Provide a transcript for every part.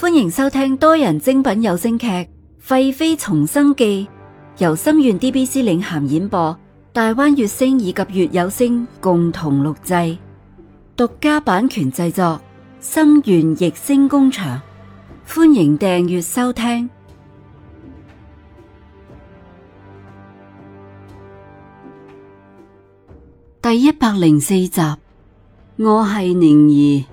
歡迎收聽多人精品有聲劇《廢妃重生記》，由心願 DBC 領銜演播，大灣月星以及月有聲共同錄製，獨家版權製作，心願逸星工場。歡迎訂閱收聽。第一百零四集，我係檸兒。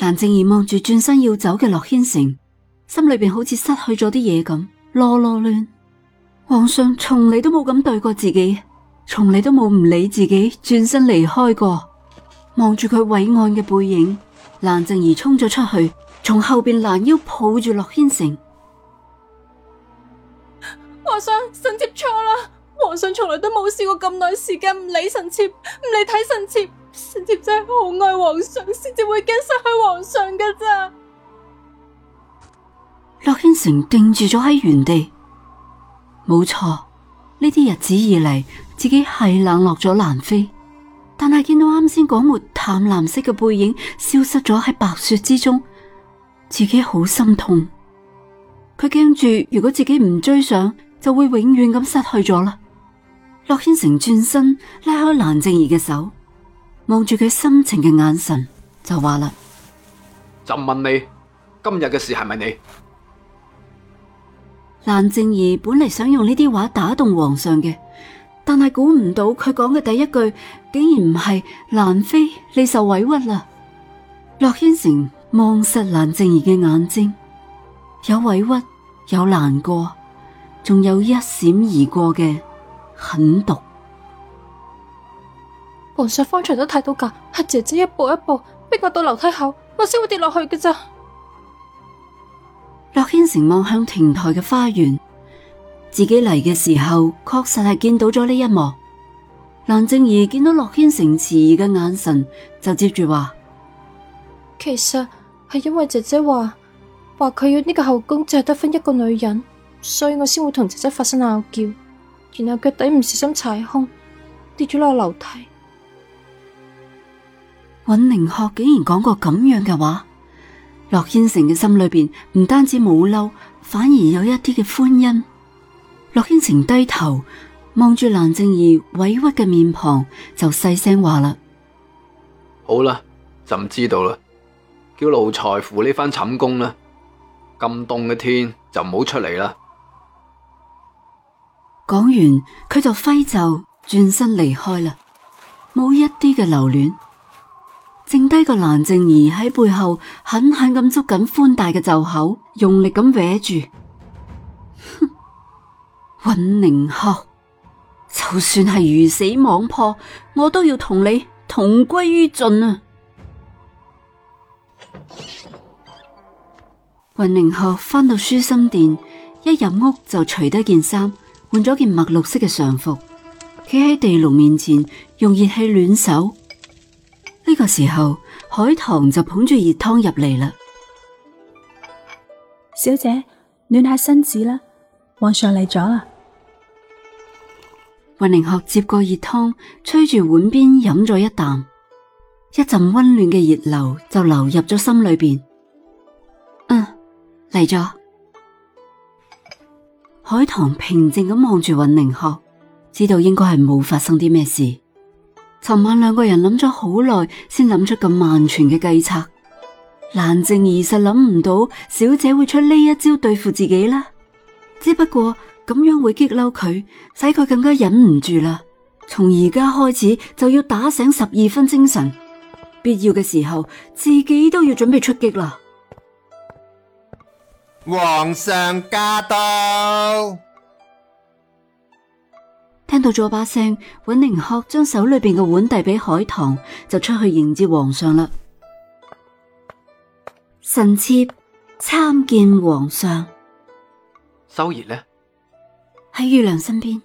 蘭靜兒望住轉身要走嘅洛軒成，心裏邊好似失去咗啲嘢咁，囉囉亂。皇上從嚟都冇咁對過自己，從嚟都冇唔理自己轉身離開過。望住佢偉岸嘅背影，蘭靜兒衝咗出去，從後邊攔腰抱住洛軒成。皇上，臣妾錯啦！皇上從來都冇試過咁耐時間唔理臣妾，唔嚟睇臣妾。先至真係好愛皇上，先至會驚失去皇上嘅。咋？洛軒成定住咗喺原地，冇錯，呢啲日子以嚟，自己係冷落咗蘭妃。但係見到啱先講抹淡藍色嘅背影消失咗喺白雪之中，自己好心痛。佢驚住如果自己唔追上，就會永遠咁失去咗啦。洛軒成轉身拉開蘭靜兒嘅手。望住佢深情嘅眼神，就話啦：朕問你今日嘅事係咪你？蘭靜兒本嚟想用呢啲話打動皇上嘅，但係估唔到佢講嘅第一句竟然唔係蘭妃，你受委屈啦！洛軒成望實蘭靜兒嘅眼睛，有委屈，有難過，仲有一閃而過嘅狠毒。皇上方才都睇到架，係、啊、姐姐一步一步逼我到樓梯口，我先會跌落去嘅咋。洛軒城望向亭台嘅花園，自己嚟嘅時候確實係見到咗呢一幕。蘭靜兒見到洛軒城遲疑嘅眼神，就接住話：其實係因為姐姐話，話佢要呢個後宮淨係得分一個女人，所以我先會同姐姐發生拗叫，然後腳底唔小心踩空跌咗落樓梯。尹寧學竟然講過咁樣嘅話，洛軒成嘅心裏邊唔單止冇嬲，反而有一啲嘅歡欣。洛軒成低頭望住蘭靜兒委屈嘅面龐，就細聲話啦：好啦，朕知道啦，叫奴才扶呢番寢宮啦。咁凍嘅天就唔好出嚟啦。講完，佢就揮袖轉身離開啦，冇一啲嘅留戀。剩低個藍靜兒喺背後狠狠咁捉緊寬大嘅袖口，用力咁歪住。哼，雲寧鶴，就算係魚死網破，我都要同你同歸於盡啊！雲寧鶴翻到舒心殿，一入屋就除低件衫，換咗件墨綠色嘅上服，企喺地爐面前用熱氣暖手。個時候，海棠就捧住熱湯入嚟啦。小姐，暖下身子啦，皇上嚟咗啦。雲寧鶴接過熱湯，吹住碗邊飲咗一啖，一陣温暖嘅熱流就流入咗心裏邊。嗯，嚟咗。海棠平靜咁望住雲寧鶴，知道應該係冇發生啲咩事。尋晚兩個人諗咗好耐，先諗出咁萬全嘅計策。蘭靜儀實諗唔到小姐會出呢一招對付自己啦。只不過咁樣會激嬲佢，使佢更加忍唔住啦。從而家開始就要打醒十二分精神，必要嘅時候自己都要準備出擊啦。皇上駕到。聽到咗把聲，尹寧鶴將手裏邊嘅碗遞俾海棠，就出去迎接皇上啦。臣妾參見皇上。修兒呢？喺乳娘身邊。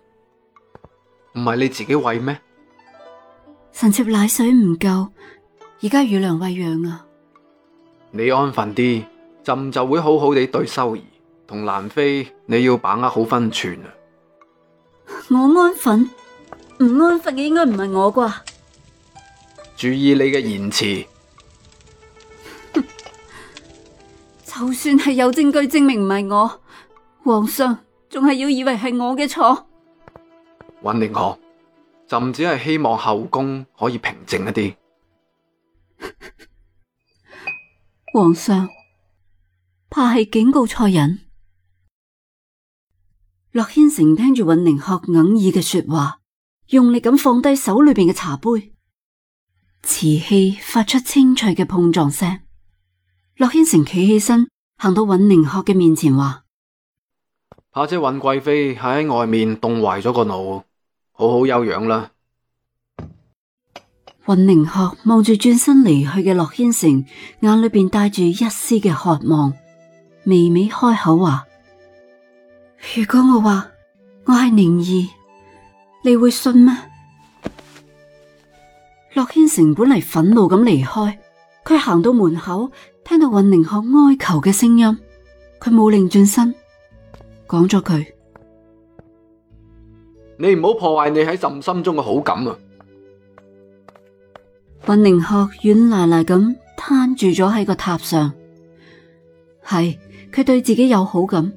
唔係你自己喂咩？臣妾奶水唔夠，而家乳娘餵養啊。你安分啲，朕就會好好地對修兒同蘭妃。你要把握好分寸啊。我安分，唔安分嘅應該唔係我啩。注意你嘅言辭， 就算係有證據證明唔係我，皇上仲係要以為係我嘅錯。溫寧可，朕只係希望後宮可以平靜一啲。 皇上，怕係警告錯人。洛軒成聽住尹寧鶴哽咽嘅說話，用力咁放低手裏邊嘅茶杯，瓷器發出清脆嘅碰撞聲。洛軒成企起身，行到尹寧鶴嘅面前，話：怕姐尹貴妃喺外面凍壞咗個腦，好好休養啦。尹寧鶴望住轉身離去嘅洛軒成，眼裏邊帶住一絲嘅渴望，微微開口話。如果我話我係檸兒，你會信咩？洛軒成本嚟憤怒咁離開，佢行到門口，聽到運寧學哀求嘅聲音，佢冇擰轉身，講咗佢：你唔好破壞你喺朕心中嘅好感啊！運寧學軟賴賴咁癱住咗喺個榻上，係佢對自己有好感。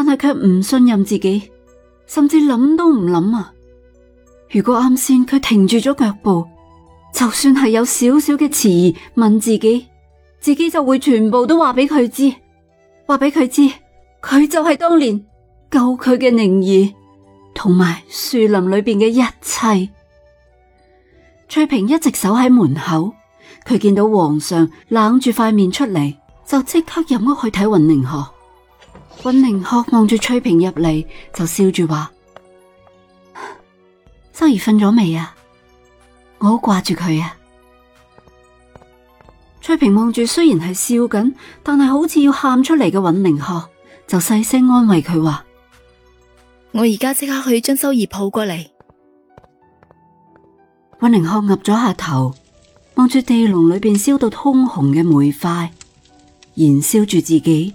但係佢唔信任自己，甚至諗都唔諗啊！如果啱先佢停住咗腳步，就算係有少少嘅遲疑，問自己，自己就會全部都話俾佢知，話俾佢知，佢就係當年救佢嘅檸兒，同埋樹林裏邊嘅一切。翠平一直守喺門口，佢見到皇上冷住塊面出嚟，就即刻入屋去睇雲檸河。尹玲鶴望住翠平入嚟，就笑住話：周兒瞓咗未啊？我好掛住佢啊！翠平望住雖然係笑緊，但係好似要喊出嚟嘅尹玲鶴，就細聲安慰佢話：我而家即刻去將修兒抱過嚟。尹玲鶴岌咗下頭，望住地籠裏邊燒到通紅嘅煤塊，燃燒住自己。